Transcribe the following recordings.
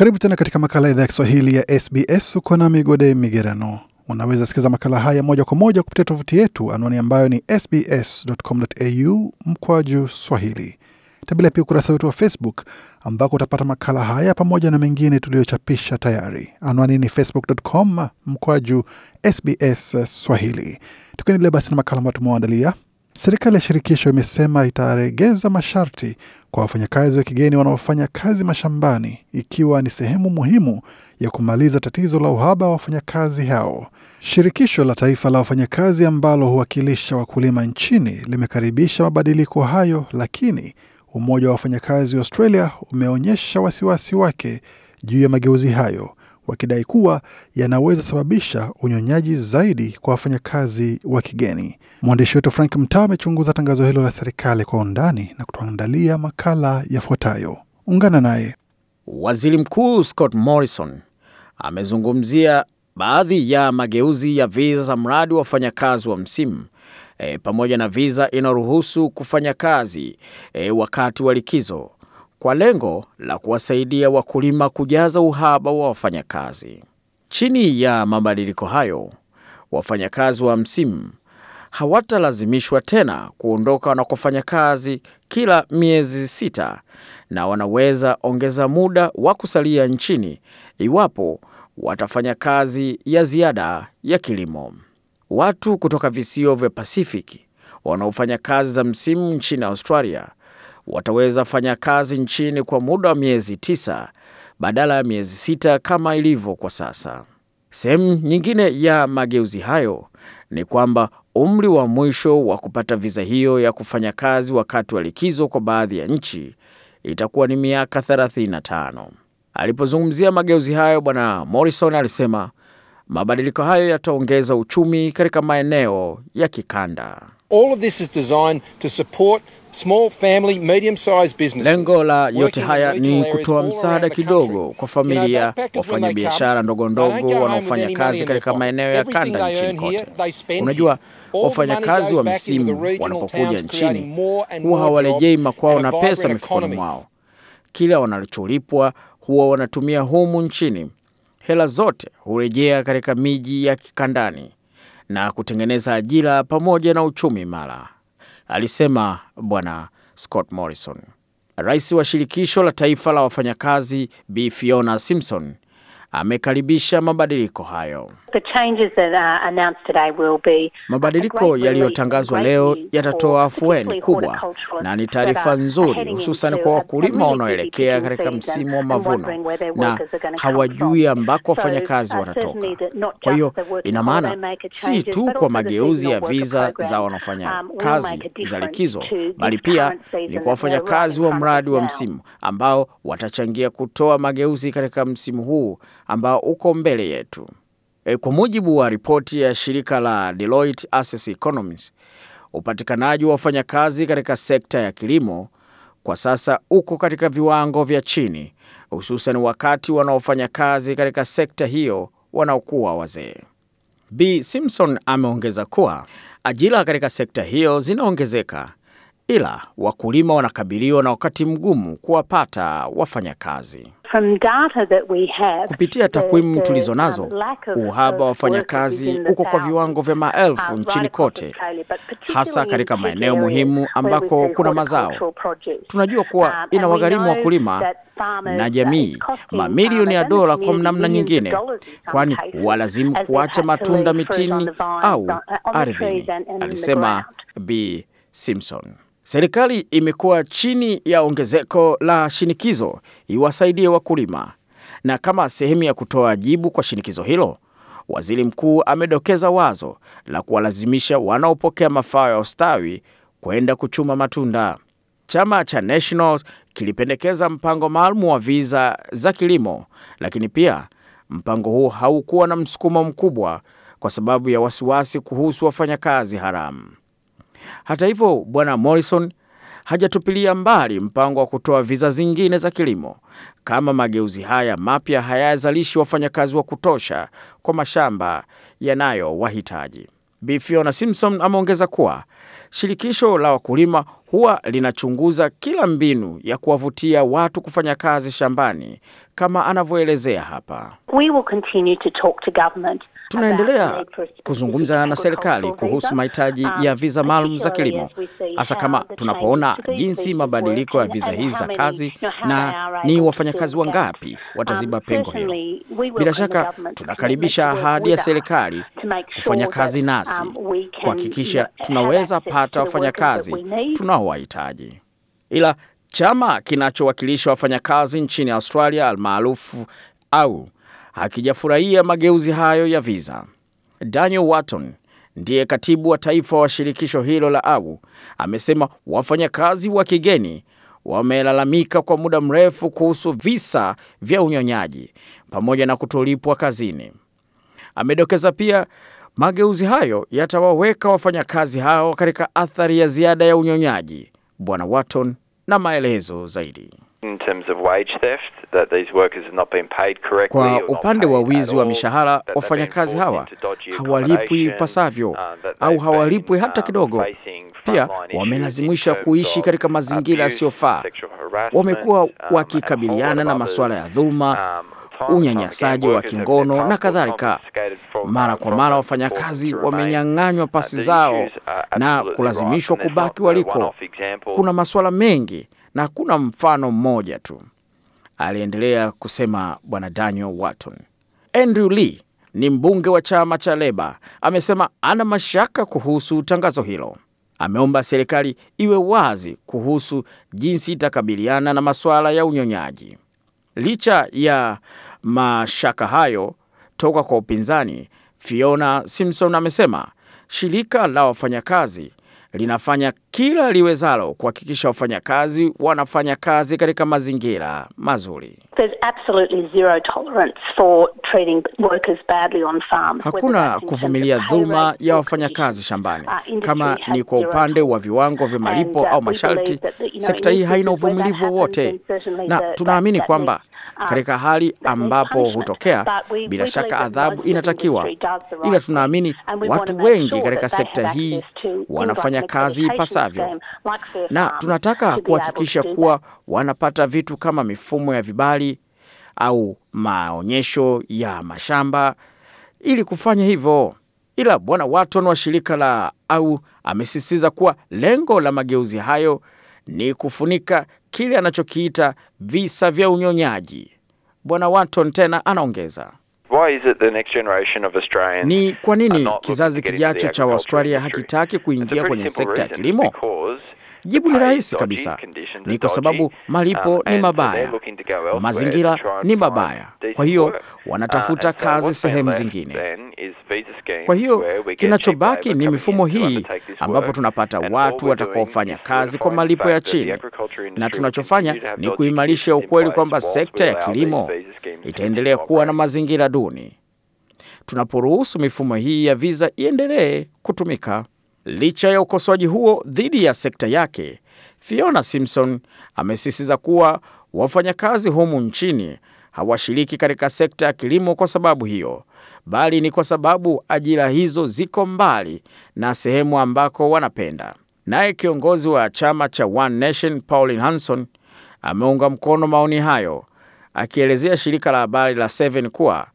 Karibu tena katika makala ya idhaa ya Kiswahili ya SBS. Uko na Migode Migerano. Unaweza sikiza makala haya moja kwa moja kupitia tovuti yetu, anwani ambayo ni sbs.com.au mkwaju swahili. Tembelea pia ukurasa wetu wa Facebook ambako utapata makala haya pamoja na mengine tuliyochapisha tayari. Anwani ni facebook.com mkwaju sbs swahili. Tukiendelea basi na makala ambayo tumewaandalia Serikali ya shirikisho imesema itaregeza masharti kwa wafanyakazi wa kigeni wanaofanya kazi mashambani ikiwa ni sehemu muhimu ya kumaliza tatizo la uhaba wa wafanyakazi hao. Shirikisho la taifa la wafanyakazi ambalo huwakilisha wakulima nchini limekaribisha mabadiliko hayo, lakini umoja wa wafanyakazi wa Australia umeonyesha wasiwasi wake juu ya mageuzi hayo wakidai kuwa yanaweza sababisha unyonyaji zaidi kwa wafanyakazi wa kigeni. Mwandishi wetu Frank Mtaa amechunguza tangazo hilo la serikali kwa undani na kutuandalia makala yafuatayo. Ungana naye. Waziri Mkuu Scott Morrison amezungumzia baadhi ya mageuzi ya viza za mradi wa wafanyakazi wa msimu e, pamoja na viza inayoruhusu kufanya kazi e, wakati wa likizo kwa lengo la kuwasaidia wakulima kujaza uhaba wa wafanyakazi. Chini ya mabadiliko hayo, wafanyakazi wa msimu hawatalazimishwa tena kuondoka na kufanya kazi kila miezi sita na wanaweza ongeza muda wa kusalia nchini iwapo watafanya kazi ya ziada ya kilimo. Watu kutoka visio vya Pasifiki wanaofanya kazi za msimu nchini Australia wataweza fanya kazi nchini kwa muda wa miezi tisa badala ya miezi sita kama ilivyo kwa sasa. Sehemu nyingine ya mageuzi hayo ni kwamba umri wa mwisho wa kupata viza hiyo ya kufanya kazi wakati wa likizo kwa baadhi ya nchi itakuwa ni miaka 35. Alipozungumzia mageuzi hayo, Bwana Morrison alisema mabadiliko hayo yataongeza uchumi katika maeneo ya kikanda. Lengo la yote haya ni kutoa msaada kidogo kwa familia, wafanyabiashara ndogo ndogo wanaofanya kazi katika maeneo ya kanda nchini kote. Unajua, wafanyakazi wa misimu wanapokuja nchini huwa hawarejei makwao na pesa mifukoni mwao. Kila wanacholipwa huwa wanatumia humu nchini. Hela zote hurejea katika miji ya kikandani na kutengeneza ajira pamoja na uchumi imara, alisema Bwana Scott Morrison. Rais wa shirikisho la taifa la wafanyakazi Bi Fiona Simpson amekaribisha mabadiliko hayo. Mabadiliko yaliyotangazwa leo yatatoa afueni kubwa na ni taarifa nzuri, hususan kwa wakulima wanaoelekea katika msimu wa mavuno na hawajui ambako wafanyakazi uh, watatoka. Kwa hiyo ina maana si tu kwa mageuzi ya viza za wanaofanya um, kazi za likizo, bali pia ni kwa wafanyakazi wa mradi wa msimu ambao watachangia kutoa mageuzi katika msimu huu ambao uko mbele yetu. E, kwa mujibu wa ripoti ya shirika la Deloitte Access Economies, upatikanaji wa wafanyakazi katika sekta ya kilimo kwa sasa uko katika viwango vya chini, hususan wakati wanaofanya kazi katika sekta hiyo wanaokuwa wazee. B Simpson ameongeza kuwa ajira katika sekta hiyo zinaongezeka ila wakulima wanakabiliwa na wakati mgumu kuwapata wafanyakazi. Kupitia takwimu tulizo nazo, um, uhaba wa uh, wafanyakazi uko kwa viwango vya maelfu nchini kote, hasa katika maeneo muhimu ambako kuna mazao. Tunajua kuwa um, ina wagharimu wakulima na jamii mamilioni ya dola kwa namna nyingine, kwani walazimu kuacha matunda mitini au uh, ardhini, alisema B Simpson. Serikali imekuwa chini ya ongezeko la shinikizo iwasaidie wakulima, na kama sehemu ya kutoa jibu kwa shinikizo hilo, waziri mkuu amedokeza wazo la kuwalazimisha wanaopokea mafao ya ustawi kwenda kuchuma matunda. Chama cha Nationals kilipendekeza mpango maalum wa viza za kilimo, lakini pia mpango huu haukuwa na msukumo mkubwa kwa sababu ya wasiwasi kuhusu wafanyakazi haramu. Hata hivyo, Bwana Morrison hajatupilia mbali mpango wa kutoa viza zingine za kilimo kama mageuzi haya mapya hayazalishi wafanyakazi wa kutosha kwa mashamba yanayowahitaji. Bi Fiona Simpson ameongeza kuwa shirikisho la wakulima huwa linachunguza kila mbinu ya kuwavutia watu kufanya kazi shambani, kama anavyoelezea hapa. We will continue to talk to government Tunaendelea kuzungumza na serikali kuhusu mahitaji ya viza maalum za kilimo, hasa kama tunapoona jinsi mabadiliko ya viza hizi za kazi na ni wafanyakazi wangapi wataziba um, pengo hilo. Bila shaka tunakaribisha ahadi ya serikali kufanya kazi nasi um, kuhakikisha tunaweza pata wafanyakazi tunaowahitaji. Ila chama kinachowakilisha wafanyakazi nchini Australia almaarufu au akijafurahia mageuzi hayo ya viza Daniel Watton ndiye katibu wa taifa wa shirikisho hilo la AU amesema wafanyakazi wa kigeni wamelalamika kwa muda mrefu kuhusu visa vya unyonyaji pamoja na kutolipwa kazini. Amedokeza pia mageuzi hayo yatawaweka wafanyakazi hao katika athari ya ziada ya unyonyaji. Bwana Watton na maelezo zaidi. Kwa upande wa wizi wa mishahara, wafanyakazi hawa hawalipwi ipasavyo uh, au hawalipwi hata uh, kidogo. Pia wamelazimisha kuishi katika mazingira yasiyofaa, wamekuwa um, wakikabiliana na masuala ya dhuluma, um, unyanyasaji wa kingono na kadhalika. Mara uh, kwa mara wafanyakazi wamenyang'anywa pasi zao na kulazimishwa kubaki waliko. Kuna masuala mengi na hakuna mfano mmoja tu, aliendelea kusema Bwana Daniel Wharton. Andrew Lee ni mbunge wa chama cha Leba, amesema ana mashaka kuhusu tangazo hilo. Ameomba serikali iwe wazi kuhusu jinsi itakabiliana na masuala ya unyonyaji. Licha ya mashaka hayo toka kwa upinzani, Fiona Simpson amesema shirika la wafanyakazi linafanya kila liwezalo kuhakikisha wafanyakazi wanafanya kazi katika mazingira mazuri. Hakuna kuvumilia dhuluma ya wafanyakazi shambani, kama ni kwa upande wa viwango vya malipo uh, au masharti. Sekta hii haina uvumilivu wowote, na tunaamini kwamba katika hali ambapo hutokea, bila shaka adhabu inatakiwa, ila tunaamini watu wengi katika sekta hii wanafanya kazi ipasavyo, na tunataka kuhakikisha kuwa wanapata vitu kama mifumo ya vibali au maonyesho ya mashamba ili kufanya hivyo. Ila Bwana Watton wa shirika la au amesisitiza kuwa lengo la mageuzi hayo ni kufunika kile anachokiita visa vya unyonyaji. Bwana wanton tena anaongeza ni kwa nini kizazi kijacho cha Australia hakitaki kuingia kwenye sekta ya kilimo? Jibu ni rahisi kabisa, ni kwa sababu um, malipo ni mabaya, mazingira ni mabaya, kwa hiyo wanatafuta uh, kazi sehemu zingine. Kwa hiyo kinachobaki ni mifumo hii, ambapo tunapata watu watakaofanya kazi kwa malipo ya chini, na tunachofanya ni kuimarisha ukweli kwamba sekta ya kilimo itaendelea kuwa na mazingira duni tunaporuhusu mifumo hii ya viza iendelee kutumika. Licha ya ukosoaji huo dhidi ya sekta yake, Fiona Simpson amesisitiza kuwa wafanyakazi humu nchini hawashiriki katika sekta ya kilimo kwa sababu hiyo, bali ni kwa sababu ajira hizo ziko mbali na sehemu ambako wanapenda. Naye kiongozi wa chama cha One Nation Pauline Hanson ameunga mkono maoni hayo, akielezea shirika la habari la Seven kuwa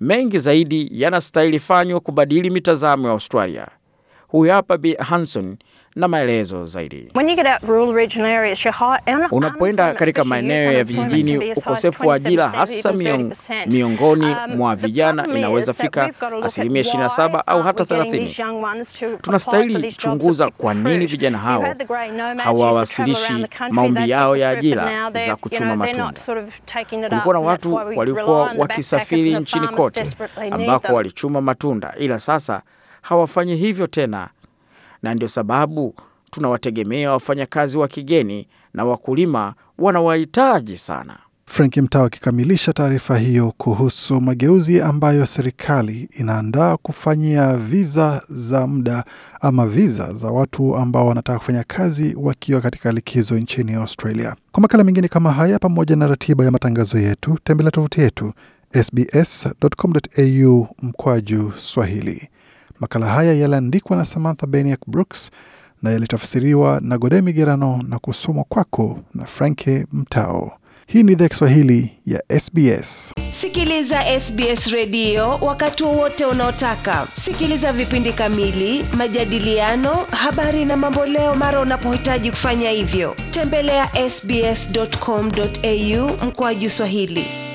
mengi zaidi yanastahili fanywa kubadili mitazamo ya Australia. Huyu hapa Bi Hanson na maelezo zaidi. Unapoenda katika maeneo ya vijijini, ukosefu wa ajira hasa miongoni um, mwa vijana inaweza fika asilimia 27 au hata 30. Tunastahili chunguza kwa nini vijana hao hawawasilishi maombi yao ya ajira za kuchuma matunda. Kulikuwa na watu walikuwa wakisafiri nchini kote ambako walichuma matunda, ila sasa hawafanyi hivyo tena, na ndio sababu tunawategemea wafanyakazi wa kigeni na wakulima wanawahitaji sana. Frank Mtao akikamilisha taarifa hiyo kuhusu mageuzi ambayo serikali inaandaa kufanyia viza za muda ama viza za watu ambao wanataka kufanya kazi wakiwa katika likizo nchini Australia. Kwa makala mengine kama haya, pamoja na ratiba ya matangazo yetu, tembelea tovuti yetu sbs.com.au mkwaju Swahili. Makala haya yaliandikwa na Samantha beniac Brooks na yalitafsiriwa na Gode Migerano na kusomwa kwako na Franke Mtao. Hii ni idhaa Kiswahili ya SBS. Sikiliza SBS redio wakati wowote unaotaka. Sikiliza vipindi kamili, majadiliano, habari na mamboleo mara unapohitaji kufanya hivyo. Tembelea ya sbs.com.au mkoaju Swahili.